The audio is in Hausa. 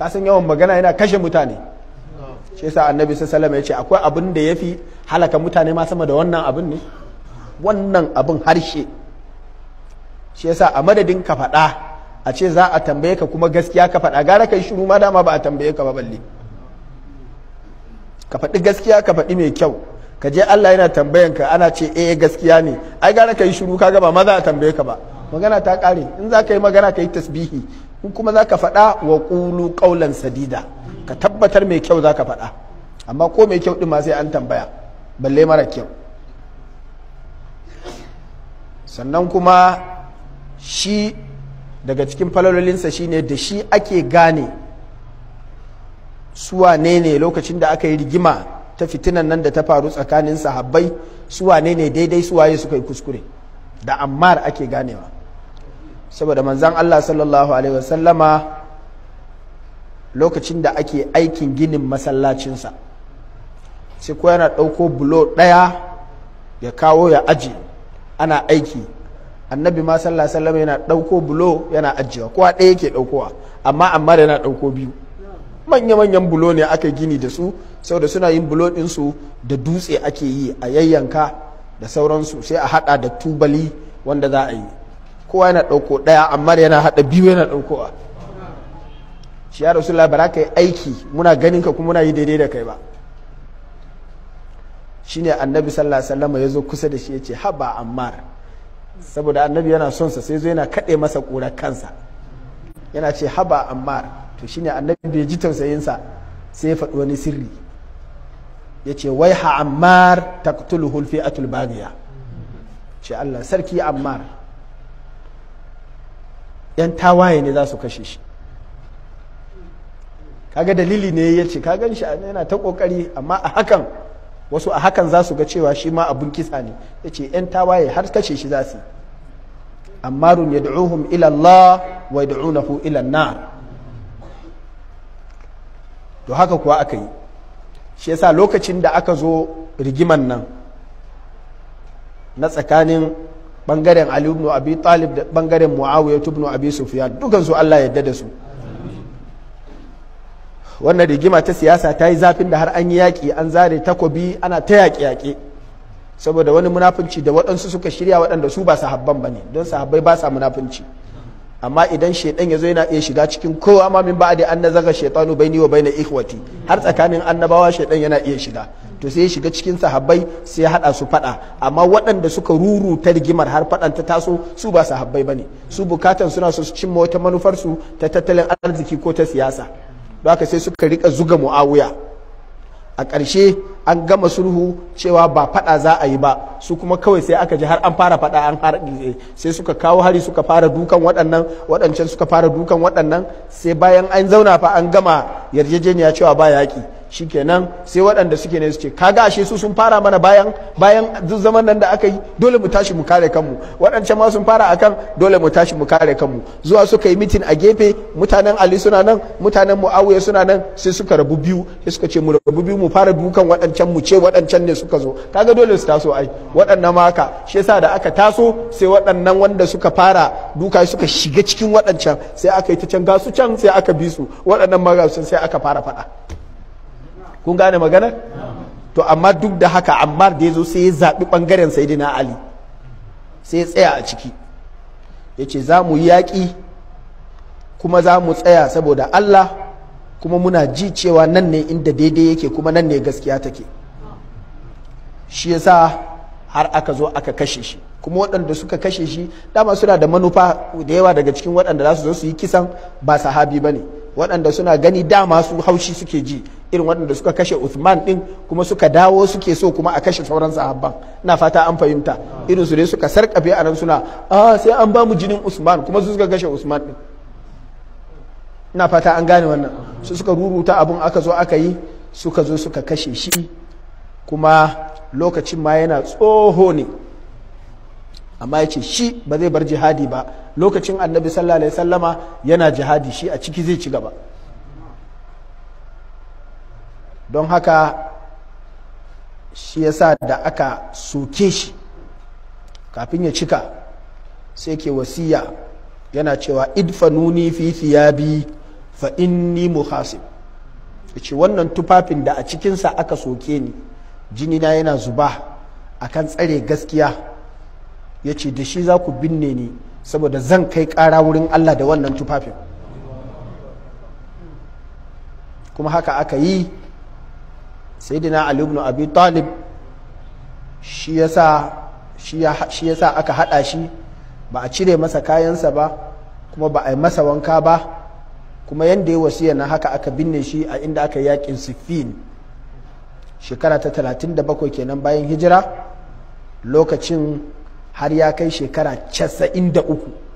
kasan yawan magana yana kashe mutane shi yasa annabi sallallahu ya ce akwai abin da ya fi halaka mutane ma sama da wannan abin ne wannan abin harshe shi yasa a madadin ka faɗa a ce za a tambaye ka kuma gaskiya ka faɗa gara kai shiru ma dama ba a tambaye ka ba balle ka faɗi gaskiya ka faɗi mai kyau ka je Allah yana tambayan ka ana ce eh gaskiya ne ai gara kai ka kaga ma za a tambaye ka ba magana ta ƙare in za ka yi magana ka yi tasbihi kuma za ka faɗa wa ƙulu ƙaulan sadida ka tabbatar mai kyau za ka faɗa amma ko mai kyau ɗin ma sai an tambaya balle mara kyau sannan kuma shi daga cikin shi ne da shi ake gane su ne ne lokacin da aka yi rigima ta fitinan nan da ta faru tsakanin sahabbai suwa ne ne daidai suwaye suka yi kuskure da ammar ake ganewa saboda manzan Allah sallallahu alaihi wasallama lokacin da ake aikin ginin masallacinsa sai ko yana ɗauko bulo ɗaya ya kawo ya aji ana aiki annabi ma sallallahu alaihi yana ɗauko bulo yana ajiyewa kowa ɗaya yake ɗaukowa amma amma yana ɗauko biyu manya-manyan bulo ne aka gini da su saboda suna yin bulo ɗinsu da dutse ake yi a yayyanka da sauransu sai a haɗa da tubali wanda za a yi kowa yana ɗauko ɗaya amma yana haɗa biyu yana ɗaukowa shi ya rasu labara ka yi aiki muna ganin ka kuma muna yi daidai da kai ba shine annabi sallallahu alaihi ya zo kusa da shi ya ce haba ammar saboda annabi yana son sa sai zo yana kaɗe masa ƙura kansa yana ce haba ammar to shine annabi ya ji tausayin sa sai ya faɗi wani sirri ya ce wai ha ammar taqtuluhu al-fi'atul baghiya ce Allah sarki ammar 'yan tawaye ne za su kashe shi kaga dalili ne ya ce ka gan shi yana ta kokari amma a hakan wasu a hakan za su ga cewa shi ma abun kisa ne ya ce 'yan tawaye har kashe shi za su ammarun ya da'uhum ila Allah wa da'unahu ila to haka kuwa aka yi shi yasa lokacin da aka zo rigiman nan na tsakanin bangaren Ali ibn Abi Talib da bangaren Muawiya ibn Abi Sufyan dukan su Allah ya yarda da su wannan rigima ta siyasa ta yi zafin da har an yi yaƙi an zare takobi ana ta yaƙe-yaƙe saboda wani munafunci da waɗansu suka shirya waɗanda su ba sahabban ba ne don sahabbai ba sa munafunci amma idan shaidan ya zo yana iya shiga cikin ko amma min ba'di an nazaga bai ni wa na ikhwati har tsakanin annabawa shaidan yana iya shiga to sai ya shiga cikin sahabbai sai ya hada su fada amma waɗanda suka ruru ta rigimar har fadan ta taso su ba sahabbai bane su bukatan suna so su cimma wata manufar su ta tattalin arziki ko ta siyasa don haka sai suka rika zuga muawiya a ƙarshe an gama sulhu cewa ba fada za a yi ba su kuma kawai sai aka ji har an fara fada an har eh, sai suka kawo hari suka fara dukan waɗannan waɗancan suka fara dukan waɗannan sai bayan an zauna fa an gama yarjejeniya cewa ba yaƙi shikenan sai waɗanda suke ne suke kaga ashe su sun fara mana bayan bayan duk zaman nan da aka yi dole mu tashi mu kare kanmu waɗancan ma sun fara akan dole mu tashi mu kare kanmu zuwa suka yi mitin a gefe mutanen ali suna nan mutanen muawiya suna nan sai suka rabu biyu sai suka ce mu rabu biyu mu fara dukan waɗancan mu ce waɗancan ne suka zo kaga dole su taso ai waɗannan ma haka shi yasa da aka taso sai waɗannan wanda suka fara duka suka shiga cikin waɗancan sai aka yi ta can gasu can sai aka bi su waɗannan ma sai aka fara faɗa kun gane magana to amma duk da haka amma da ya zo sai ya zaɓi ɓangaren saidina ali sai ya tsaya a ciki ya ce za mu yi yaƙi kuma za mu tsaya saboda allah kuma muna ji cewa nan ne inda daidai yake kuma nan ne gaskiya take shi ya sa har aka zo aka kashe shi kuma waɗanda suka kashe shi dama suna da manufa da yawa daga cikin waɗanda za su zo su yi kisan ba sahabi ba ne waɗanda suna gani dama su haushi suke ji irin waɗanda suka kashe Uthman ɗin kuma suka dawo suke so kuma a kashe sauran sahabban na fata an fahimta irin su dai suka sarkafe a nan suna ah sai an ba mu jinin Usman kuma su suka kashe Usman ɗin. na fata an gane wannan su suka ruruta abin aka zo aka yi suka zo suka kashe shi kuma lokacin ma yana tsoho ne amma ya ce shi ba zai bar jihadi ba lokacin annabi sallallahu alaihi sallama yana jihadi shi a ciki zai ci gaba don haka shi yasa da aka soke shi kafin ya cika sai ke wasiya yana cewa idfanuni fi thiyabi fa inni muhasib ce wannan tufafin da a cikinsa aka soke ni jini na yana zuba a kan tsare gaskiya ya ce da shi za ku binne ni saboda zan kai ƙara wurin Allah da wannan tufafin kuma haka aka yi saidina ali ibn abi talib shi yasa shi yasa aka hada shi ba a cire masa kayansa ba kuma ba a yi masa wanka ba kuma yanda ya wasiya na haka aka binne shi a inda aka yakin sifin shekara ta 37 kenan bayan hijira lokacin har ya kai shekara 93